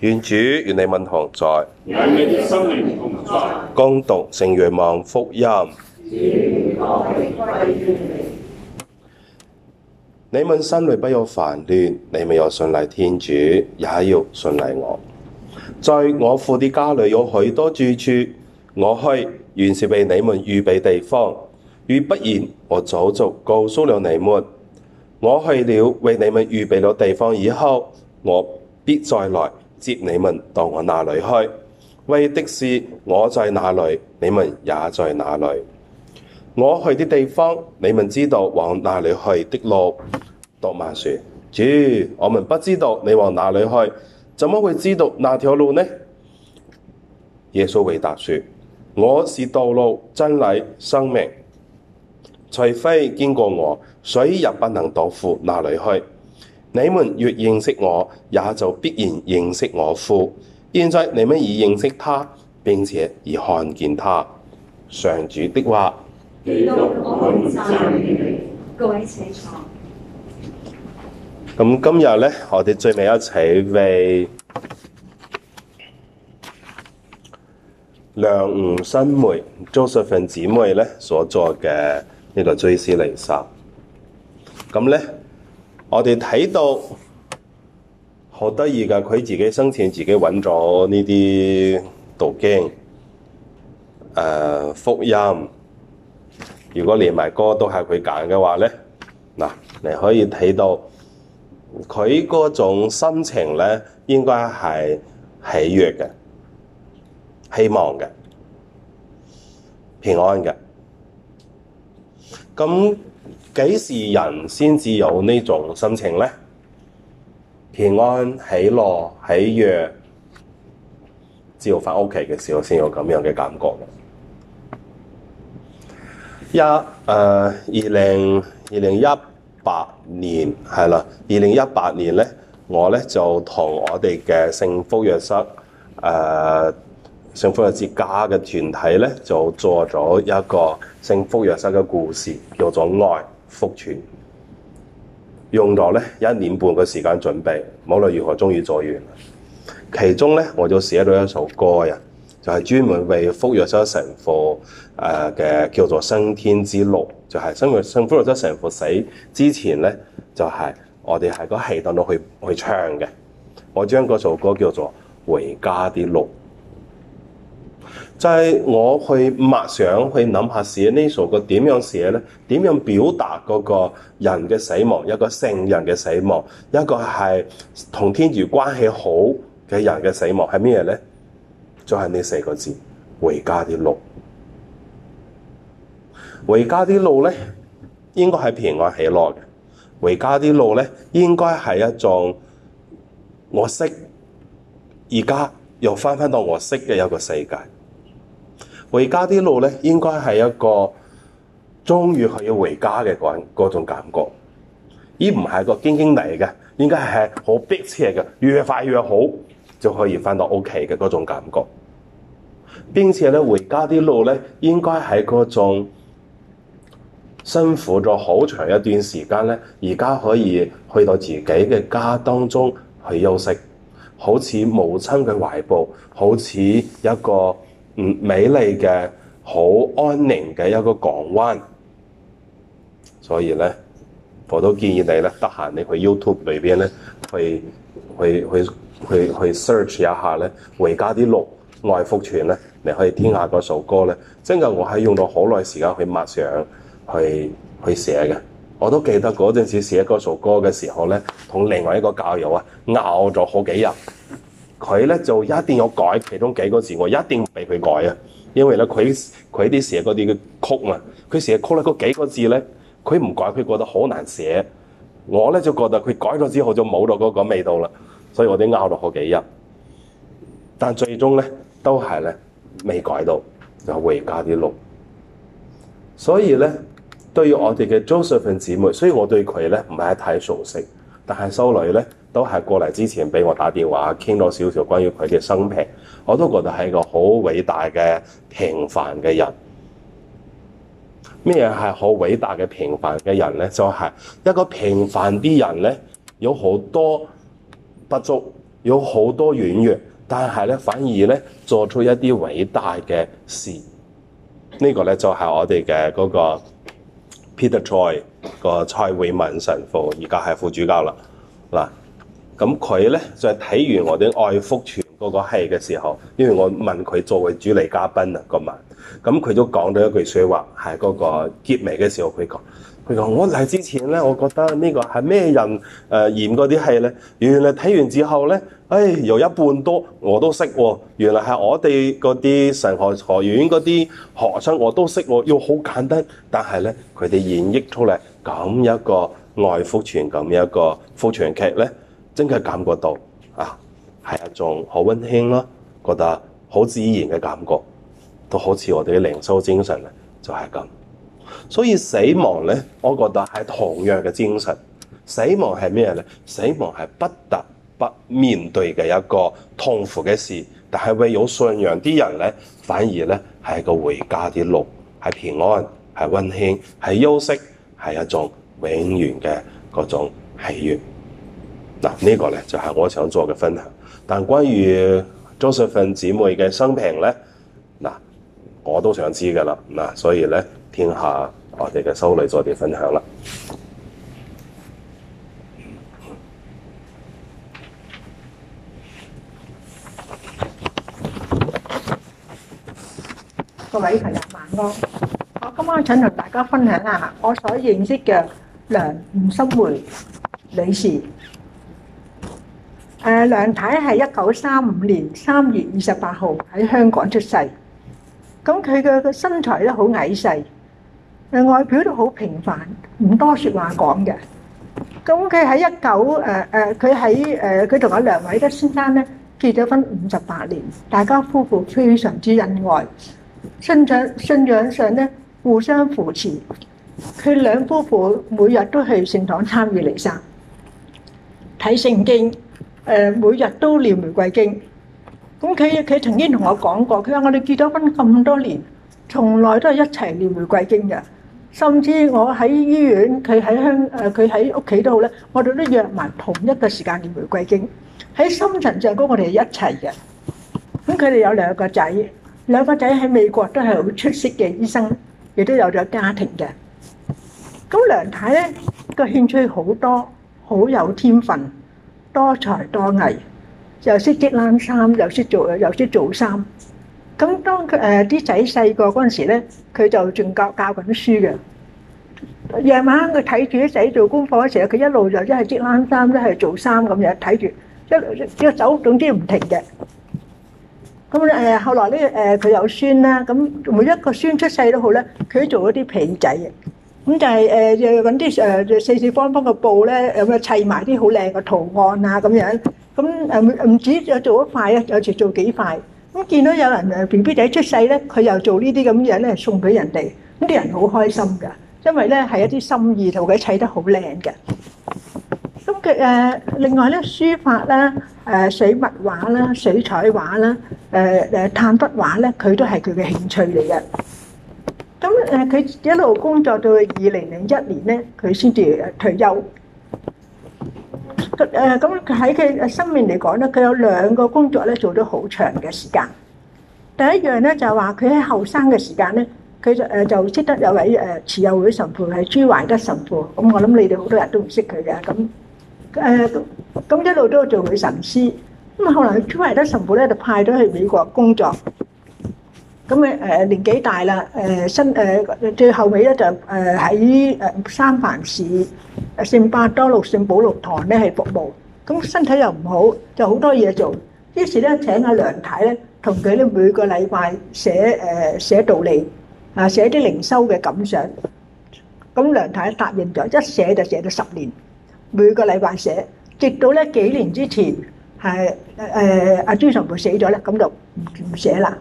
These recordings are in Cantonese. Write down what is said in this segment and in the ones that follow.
願主與你們同在，願你的心靈同在。恭讀《聖若望福音》，你你類不要，你們心裏不要煩亂。你們要信賴天主，也要信賴我。在我父的家裏有許多住處，我去原是為你們預備地方。如不然，我早就告訴了你們。我去了為你們預備了地方以後，我必再來。接你們到我那裏去，為的是我在那裏，你們也在那裏。我去的地方，你們知道往那裏去的路。多馬說：主，我們不知道你往哪裏去，怎麼會知道那條路呢？耶穌回答說：我是道路、真理、生命，除非經過我，誰也不能到父那裏去。你們越認識我，也就必然認識我父。現在你們已認識他，並且已看見他。上主的話。各位請坐。咁今日咧，我哋最尾一齊為梁吳新梅 Josephine 姊妹咧所作嘅呢個追思彌撒。咁咧。我哋睇到好得意㗎，佢自己生前自己揾咗呢啲道經，誒、呃、福音。如果連埋歌都係佢揀嘅話呢嗱，你可以睇到佢嗰種心情呢應該係喜悅嘅、希望嘅、平安嘅。咁。幾時人先至有呢種心情咧？平安、喜樂、喜悅，只有翻屋企嘅時候先有咁樣嘅感覺。一誒二零二零一八年係啦，二零一八年咧，我咧就同我哋嘅聖福若瑟、誒、uh, 聖福若瑟之家嘅團體咧，就做咗一個聖福若瑟嘅故事，叫做愛。復傳用咗咧一年半嘅時間準備，無論如何終於做完。其中咧我就寫咗一首歌啊，就係、是、專門為福若瑟神父誒嘅，叫做升天之路，就係升福升福若瑟神父死之前咧，就係、是、我哋喺個戲檔度去去唱嘅。我將嗰首歌叫做《回家啲路》。就係我去默想，去諗下寫呢首歌點樣寫咧？點樣表達嗰個人嘅死亡？一個聖人嘅死亡，一個係同天主關係好嘅人嘅死亡係咩咧？就係呢四個字：回家啲路。回家啲路咧，應該係平安喜樂嘅。回家啲路咧，應該係一種我識而家又翻翻到我識嘅一個世界。回家啲路咧，應該係一個終於可以回家嘅嗰種感覺。而唔係一個堅堅嚟嘅，應該係好逼切嘅，越快越好就可以翻到屋企嘅嗰種感覺。並且咧，回家啲路咧，應該係嗰種辛苦咗好長一段時間咧，而家可以去到自己嘅家當中去休息，好似母親嘅懷抱，好似一個。嗯，美麗嘅好安寧嘅一個港灣，所以呢，我都建議你呢，得閒你去 YouTube 裏邊呢，去去去去去 search 一下呢，的「回家啲路愛福全」呢，你可以聽下嗰首歌呢。真係我係用咗好耐時間去默想去去寫嘅，我都記得嗰陣時寫嗰首歌嘅時候呢，同另外一個教友啊，拗咗好幾日。佢咧就一定要改其中幾個字，我一定俾佢改啊！因為咧，佢佢啲寫嗰啲嘅曲嘛，佢寫曲咧嗰幾個字咧，佢唔改，佢覺得好難寫。我咧就覺得佢改咗之後就冇咗嗰個味道啦，所以我哋拗咗好幾日。但最終咧都係咧未改到，就回家啲錄。所以咧，對於我哋嘅 Josephine 姊妹，雖然我對佢咧唔係太熟悉，但係修女咧。都係過嚟之前俾我打電話傾咗少少關於佢嘅生平，我都覺得係個好偉大嘅平凡嘅人。咩嘢係好偉大嘅平凡嘅人咧？就係、是、一個平凡啲人咧，有好多不足，有好多軟弱，但係咧反而咧做出一啲偉大嘅事。這個、呢個咧就係、是、我哋嘅嗰個 Peter Choi 個蔡偉文神父，而家係副主教啦嗱。咁佢咧就睇完我哋愛福傳嗰個戲嘅時候，因為我問佢作為主禮嘉賓啊個晚，咁佢都講咗一句説話，係嗰個結尾嘅時候，佢講佢講我嚟之前咧，我覺得呢個係咩人誒演嗰啲戲咧？原來睇完之後咧，唉、哎、有一半多我都識喎、哦。原來係我哋嗰啲神學學院嗰啲學生我都識喎、哦，又好簡單。但係咧，佢哋演繹出嚟咁一個愛福傳咁一個福傳劇咧。真嘅感覺到啊，係一種好温馨咯、啊，覺得好自然嘅感覺，都好似我哋嘅靈修精神咧，就係、是、咁。所以死亡呢，我覺得係同樣嘅精神。死亡係咩呢？死亡係不得不面對嘅一個痛苦嘅事，但係為有信仰啲人呢，反而咧係一個回家啲路，係平安，係温馨，係休息，係一種永遠嘅嗰種喜悅。嗱，個呢個咧就係、是、我想做嘅分享。但關於 Josephine 姊妹嘅生平咧，嗱，我都想知噶啦。嗱，所以咧，聽下我哋嘅修女做啲分享啦。各位朋友晚安。我今晚想同大家分享下我所認識嘅梁吳心梅女士。誒梁太係一九三五年三月二十八號喺香港出世，咁佢嘅身材都好矮細，誒外表都好平凡，唔多説話講嘅。咁佢喺一九誒誒，佢喺誒佢同阿梁偉德先生咧結咗婚五十八年，大家夫婦非常之恩愛，信仰信仰上咧互相扶持。佢兩夫婦每日都去聖堂參與彌撒，睇聖經。誒每日都唸玫瑰經，咁佢佢曾經同我講過，佢話我哋結咗婚咁多年，從來都係一齊唸玫瑰經嘅，甚至我喺醫院，佢喺鄉誒佢喺屋企都好咧，我哋都約埋同一個時間唸玫瑰經。喺深層長工，我哋係一齊嘅。咁佢哋有兩個仔，兩個仔喺美國都係好出色嘅醫生，亦都有咗家庭嘅。咁梁太咧，個興趣好多，好有天分。多才多藝，又識織冷衫，又識做又識做衫。咁當佢誒啲仔細個嗰陣時咧，佢就仲教教緊書嘅。夜晚佢睇住啲仔做功課嘅時候，佢一路就真係織冷衫，真係做衫咁樣睇住，一隻手總之唔停嘅。咁誒後來咧誒佢有孫啦，咁每一個孫出世都好咧，佢都做一啲被仔嘅。咁就係誒誒揾啲誒四四方方嘅布咧，咁樣砌埋啲好靚嘅圖案啊咁樣。咁誒唔止有做一塊啊，有時做幾塊。咁見到有人誒 B B 仔出世咧，佢又做呢啲咁嘢咧，送俾人哋。咁啲人好開心㗎，因為咧係一啲心意圖嘅砌得好靚嘅。咁佢誒另外咧書法啦、誒水墨畫啦、水彩畫啦、誒誒炭筆畫咧，佢都係佢嘅興趣嚟嘅。咁誒，佢一路工作到二零零一年咧，佢先至退休。誒咁喺佢生命嚟講咧，佢有兩個工作咧做咗好長嘅時間。第一樣咧就係話佢喺後生嘅時間咧，佢誒就識得有位誒慈幼會神父係朱懷德神父。咁我諗你哋好多人都唔識佢嘅。咁誒，咁一路都做佢神師。咁後來朱懷德神父咧就派咗去美國工作。咁誒誒年紀大啦，誒身誒最後尾咧就誒喺誒三藩市聖伯多祿聖保祿堂咧係服務。咁身體又唔好，就好多嘢做。於是咧請阿梁太咧同佢咧每個禮拜寫誒寫道理啊，寫啲靈修嘅感想。咁梁太咧答應咗，一寫就寫咗十年，每個禮拜寫，直到咧幾年之前係誒阿朱神父死咗咧，咁就唔寫啦。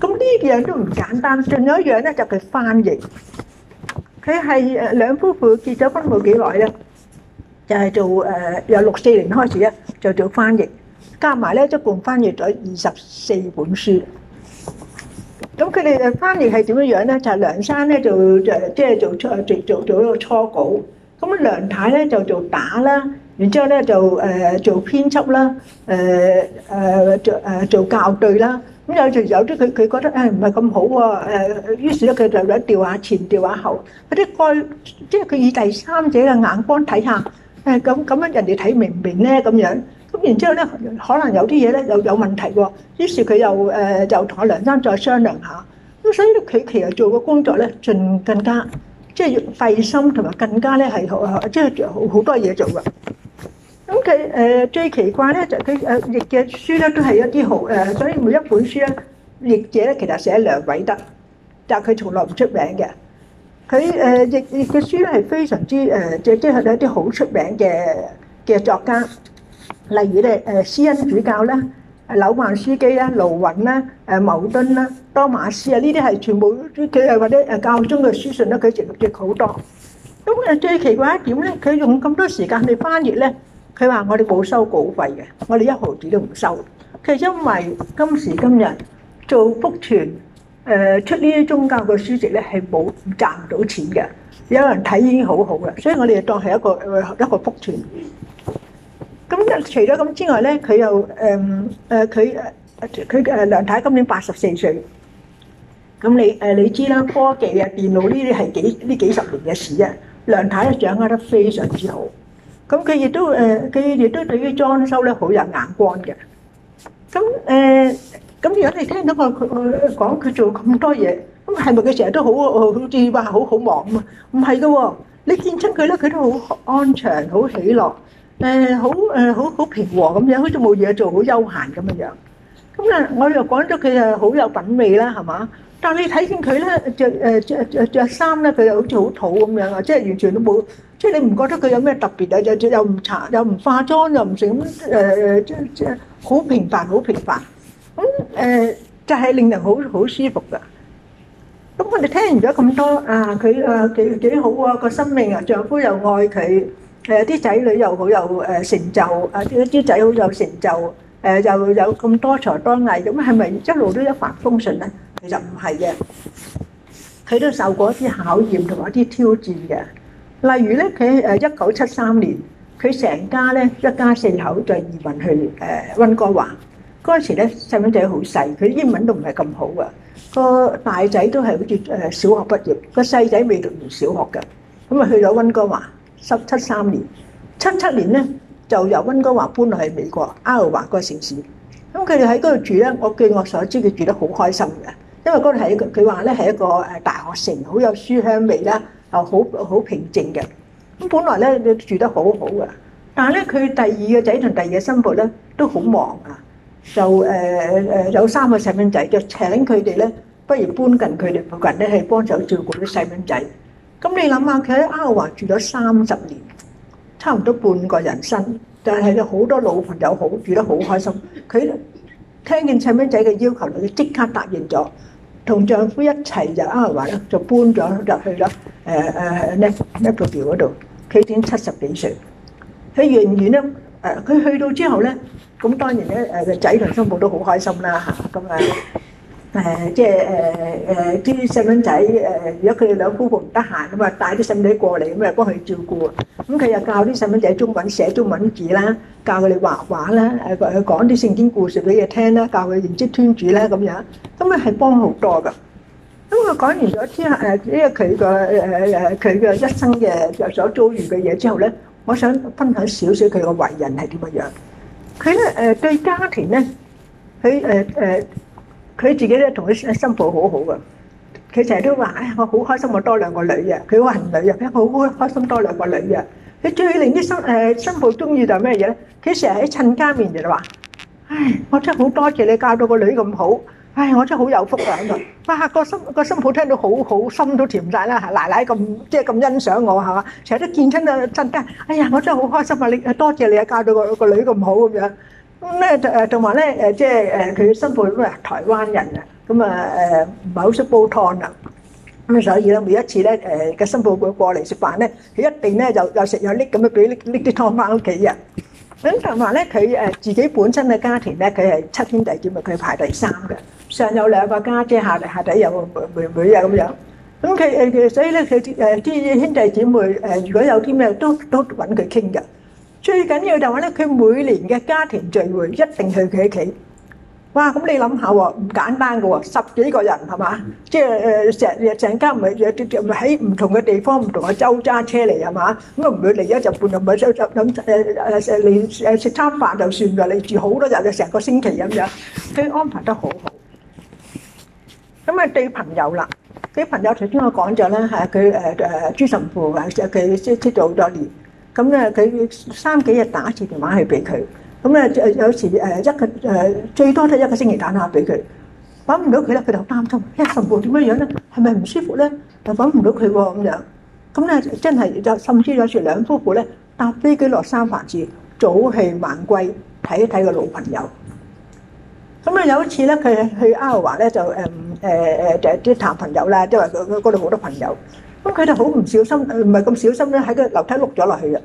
咁呢樣都唔簡單。仲有一樣咧就係翻譯，佢係兩夫婦結咗婚冇幾耐啦。就係做誒由六四年開始咧就做翻譯，加埋咧一共翻譯咗二十四本書。咁佢哋嘅翻譯係點樣樣咧？就係梁生咧就誒即係做初做做做一個初稿。咁啊梁太咧就做打啦，然之後咧就誒做編輯啦，誒誒做誒做校對啦。咁有就有啲佢佢覺得誒唔係咁好喎、啊，誒於是咧佢就喺度調下前調下後，嗰啲蓋即係佢以第三者嘅眼光睇下，誒咁咁樣人哋睇明唔明咧咁樣？咁然之後咧，可能有啲嘢咧又有問題喎、啊，於是佢又誒、呃、就同阿梁生再商量下。咁所以佢其實做嘅工作咧，盡更加即係要費心同埋更加咧係即係好好多嘢做㗎。咁佢誒最奇怪咧，就佢誒譯嘅書咧都係一啲好誒，所以每一本書咧譯者咧其實寫兩位得，但係佢從來唔出名嘅。佢誒譯譯嘅書咧係非常之誒，即係都係一啲好出名嘅嘅作家，例如咧誒斯恩主教啦、紐曼樞機啦、盧雲啦、誒牟敦啦、多馬斯啊，呢啲係全部佢係或者誒教宗嘅書信咧，佢譯譯好多。咁誒最奇怪一點咧，佢用咁多時間嚟翻譯咧。佢話：他說我哋冇收稿費嘅，我哋一毫子都唔收。其實因為今時今日做福傳、呃，出呢啲宗教嘅書籍咧係冇賺到錢嘅。有人睇已經很好好啦，所以我哋就當係一個、呃、一個福傳。咁除咗咁之外咧，佢又誒佢、呃、梁太今年八十四歲。咁你，你知啦，科技啊、電腦呢啲係幾呢幾十年嘅事啊，梁太掌握得非常之好。咁佢亦都誒，佢亦都對於裝修咧好有眼光嘅。咁誒，咁、呃、如果你聽到佢佢講佢做咁多嘢，咁係咪佢成日都好好似話好好忙啊？唔係噶喎，你見親佢咧，佢都好安詳，好喜樂，誒好誒好好平和咁樣，好似冇嘢做，好休閒咁嘅樣。咁啊，我又講咗佢啊，好有品味啦，係嘛？但你睇見佢咧著誒著誒著衫咧，佢又好似好土咁樣啊！即係完全都冇，即係你唔覺得佢有咩特別啊？又又又唔搽又唔化妝又唔成咁誒，即即係好平凡好平凡。咁誒就係令人好好舒服噶。咁我哋聽完咗咁多啊，佢誒幾幾好喎個生命啊，丈夫又愛佢誒，啲仔女又好有誒成就啊，啲啲仔好有成就誒，又有咁多才多藝，咁係咪一路都一帆風順咧？其實唔係嘅，佢都受過一啲考驗同埋一啲挑戰嘅。例如咧，佢誒一九七三年，佢成家咧一家四口就移民去誒溫哥華。嗰陣時咧，細蚊仔好細，佢英文都唔係咁好嘅。個大仔都係好似誒小學畢業，個細仔未讀完小學嘅。咁啊去咗溫哥華，十七三年，七七年咧就由溫哥華搬落去美國阿拉華嗰個城市。咁佢哋喺嗰度住咧，我據我所知，佢住得好開心嘅。因為嗰度係一個，佢話咧係一個誒大學城，好有書香味啦，又好好平靜嘅。咁本來咧你住得好好嘅，但係咧佢第二個仔同第二個新抱咧都好忙啊，就誒誒、呃、有三個細蚊仔，就請佢哋咧，不如搬近佢哋附近咧，係幫手照顧啲細蚊仔。咁你諗下，佢喺歐華住咗三十年，差唔多半個人生，但係好多老朋友好，住得好開心。佢聽見細蚊仔嘅要求，佢即刻答應咗。同丈夫一齊就啊話咧，就搬咗入去啦。誒誒咧 Lakeview 嗰度，佢已經七十幾歲。喺遠完咧，誒、啊、佢去到之後咧，咁、嗯、當然咧誒仔同心抱都好開心啦嚇，咁啊。嗯啊誒、呃、即係誒誒啲細蚊仔，如果佢哋兩夫婦唔得閒，咁係帶啲細蚊仔過嚟咁樣，幫佢照顧。咁、嗯、佢又教啲細蚊仔中文，寫中文字啦，教佢哋畫畫啦，誒誒講啲聖經故事俾佢聽啦，教佢認識天主啦咁樣，咁啊係幫好多噶。咁、嗯、佢講完咗天誒呢個佢個誒誒佢個一生嘅有所遭遇嘅嘢之後咧，我想分享少少佢個為人係點乜樣。佢咧誒對家庭咧，佢誒誒。呃呃呃呃佢自己咧同佢新新抱好好啊！佢成日都話：哎呀，我好開心，我多兩個女啊！佢話女入咗好開開心，多兩個女啊！佢最令啲新誒新抱中意就係咩嘢咧？佢成日喺親家面前就話：唉，我真係好多謝你教到個女咁好，唉，我真係好有福啊！咁佢，哇，個心個新抱聽到好好心都甜曬啦！奶奶咁即係咁欣賞我係嘛？成日都見親啊親家，哎呀，我真係好開心啊！你多謝你啊，教到個個女咁好咁樣。咁咧，誒同埋咧，誒即係誒佢新抱都係台灣人啊，咁啊誒唔係好識煲湯啊。咁所以咧，每一次咧，誒個新抱過過嚟食飯咧，佢一定咧就又食又拎咁樣，俾拎拎啲湯翻屋企嘅。咁同埋咧，佢誒自己本身嘅家庭咧，佢係七兄弟姐妹，佢排第三嘅，上有兩個家姐，姐，下嚟下底有個妹妹妹啊咁樣。咁佢誒所以咧，佢誒啲兄弟姐妹誒，如果有啲咩都都揾佢傾嘅。最緊要就話咧，佢每年嘅家庭聚會一定去佢屋企。哇！咁你諗下喎，唔簡單㗎喎，十幾個人係嘛？即係誒成日成家咪有啲喺唔同嘅地方，唔同嘅州揸車嚟係嘛？咁啊唔會嚟一陣半日，唔係就就諗誒誒你誒食餐飯就算㗎，你住好多日就成個星期咁樣，佢安排得好好。咁啊對朋友啦，啲朋友頭先我講咗啦，係佢誒誒朱神父啊，佢識識咗好多年。咁咧，佢、嗯、三幾日打一次電話去俾佢。咁、嗯、咧，有時誒一個誒最多都一個星期打電話俾佢，揾唔到佢咧，佢就擔心一陣半點乜樣咧，係咪唔舒服咧？就揾唔到佢喎咁樣。咁、嗯、咧、嗯嗯嗯，真係就甚至有時兩夫婦咧搭飛機落三藩市，早去晚歸睇一睇個老朋友。咁、嗯、啊，有一次咧，佢去亞華咧就誒誒誒即係啲談朋友啦，即係佢佢嗰度好多朋友。咁佢就好唔小心，唔係咁小心咧，喺個樓梯碌咗落去嘅。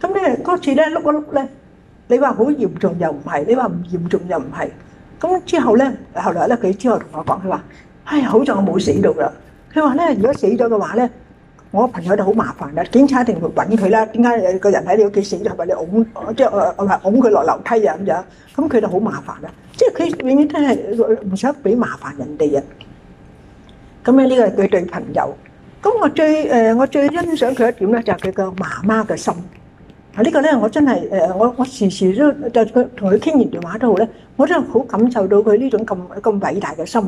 咁咧嗰次咧碌一碌咧，你話好嚴重又唔係，你話唔嚴重又唔係。咁之後咧，後來咧佢之後同我講，佢話：，唉，好在我冇死到㗎。佢話咧，如果死咗嘅話咧，我朋友就好麻煩喇，警察一定會揾佢啦。點解有個人喺你屋企死咗，係咪你拱即係誒我係拱佢落樓梯啊咁樣？咁佢就好麻煩啦。即係佢永遠都係唔想俾麻煩人哋呀。咁咧呢個係佢對朋友。咁我最誒、呃、我最欣賞佢一點咧，就係佢個媽媽嘅心。啊、這個、呢個咧，我真係誒、呃、我我時時都就佢同佢傾完電話都好咧，我真係好感受到佢呢種咁咁偉大嘅心。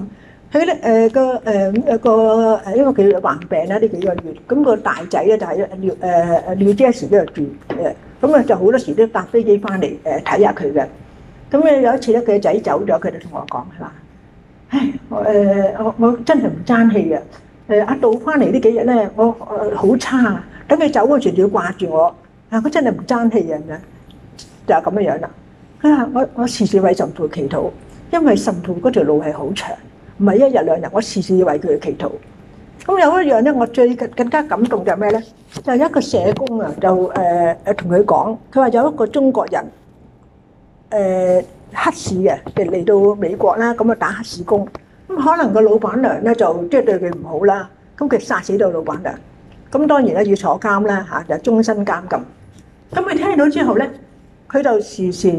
佢咧誒個誒個誒因為佢患病啦呢幾個月，咁、那個大仔咧就喺誒誒 New Jersey 度住，誒咁啊就好多時都搭飛機翻嚟誒睇下佢嘅。咁、呃、咧、呃、有一次咧，佢仔走咗，佢就同我講係話：，唉，我誒我我，我，我真係唔爭氣啊！誒阿杜翻嚟呢幾日咧，我誒好差。等佢走嗰時，仲要掛住我。啊，佢真係唔爭氣啊！就咁樣樣啦。佢話：我我時時為神父祈禱，因為神父嗰條路係好長，唔係一日兩日。我時時為佢祈禱。咁有一樣咧，我最更加感動就係咩咧？就一個社工啊，就誒誒同佢講，佢話有一個中國人誒黑市嘅嚟到美國啦，咁啊打黑市工。咁可能個老闆娘咧就即係對佢唔好啦，咁佢殺死咗老闆娘，咁當然咧要坐監啦嚇，就終身監禁。咁佢聽到之後咧，佢就時時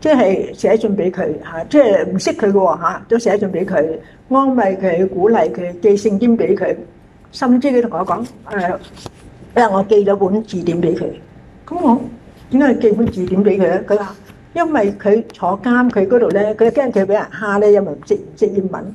即係寫信俾佢嚇，即係唔識佢嘅喎嚇，都寫信俾佢，安慰佢、鼓勵佢，寄聖經俾佢，甚至佢同我講誒，誒、呃、我寄咗本字典俾佢。咁我點解寄本字典俾佢咧？佢話因為佢坐監，佢嗰度咧，佢驚佢俾人蝦咧，因為唔識唔識英文。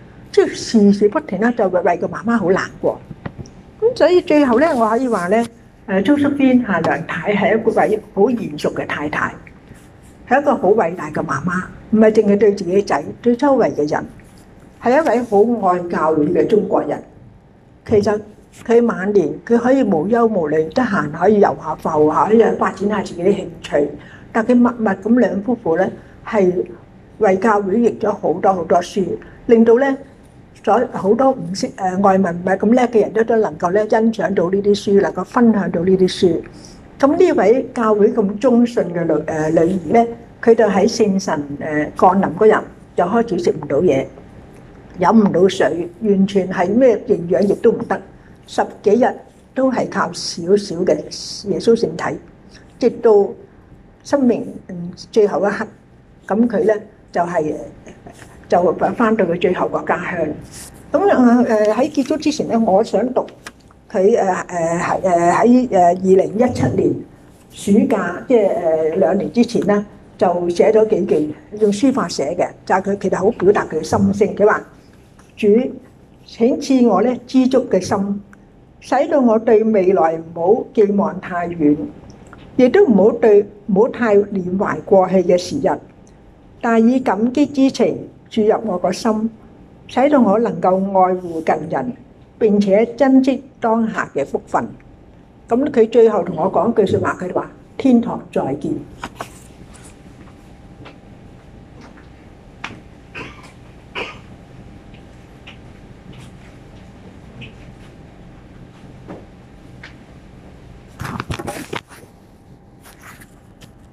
即係時時不停啦，就為為個媽媽好難過。咁所以最後咧，我可以話咧，誒周淑娟夏蘭太係一個位好賢淑嘅太太，係一個好偉大嘅媽媽，唔係淨係對自己仔，對周圍嘅人，係一位好愛教會嘅中國人。其實佢晚年佢可以無憂無慮，得閒可以遊下浮下，誒發展下自己啲興趣。但佢默默咁兩夫婦咧，係為教會譯咗好多好多書，令到咧。再好多唔識，誒外文唔係咁叻嘅人都都能夠咧欣賞到呢啲書，能夠分享到呢啲書。咁呢位教會咁忠信嘅女誒女兒咧，佢就喺聖神誒降臨嗰日就開始食唔到嘢，飲唔到水，完全係咩營養亦都唔得，十幾日都係靠少少嘅耶穌聖體，直到生命最後一刻，咁佢咧就係。就會翻翻到佢最後個家鄉。咁誒誒喺結束之前咧，我想讀佢誒誒係誒喺誒二零一七年暑假，即係誒兩年之前啦，就寫咗幾句用書法寫嘅，就係佢其實好表達佢嘅心聲。佢話：主請賜我咧知足嘅心，使到我對未來唔好寄望太遠，亦都唔好對唔好太念懷過去嘅時日，但係以感激之情。注入我個心，使到我能夠愛護近人，並且珍惜當下嘅福分。咁佢最後同我講一句說話，佢話：天堂再見。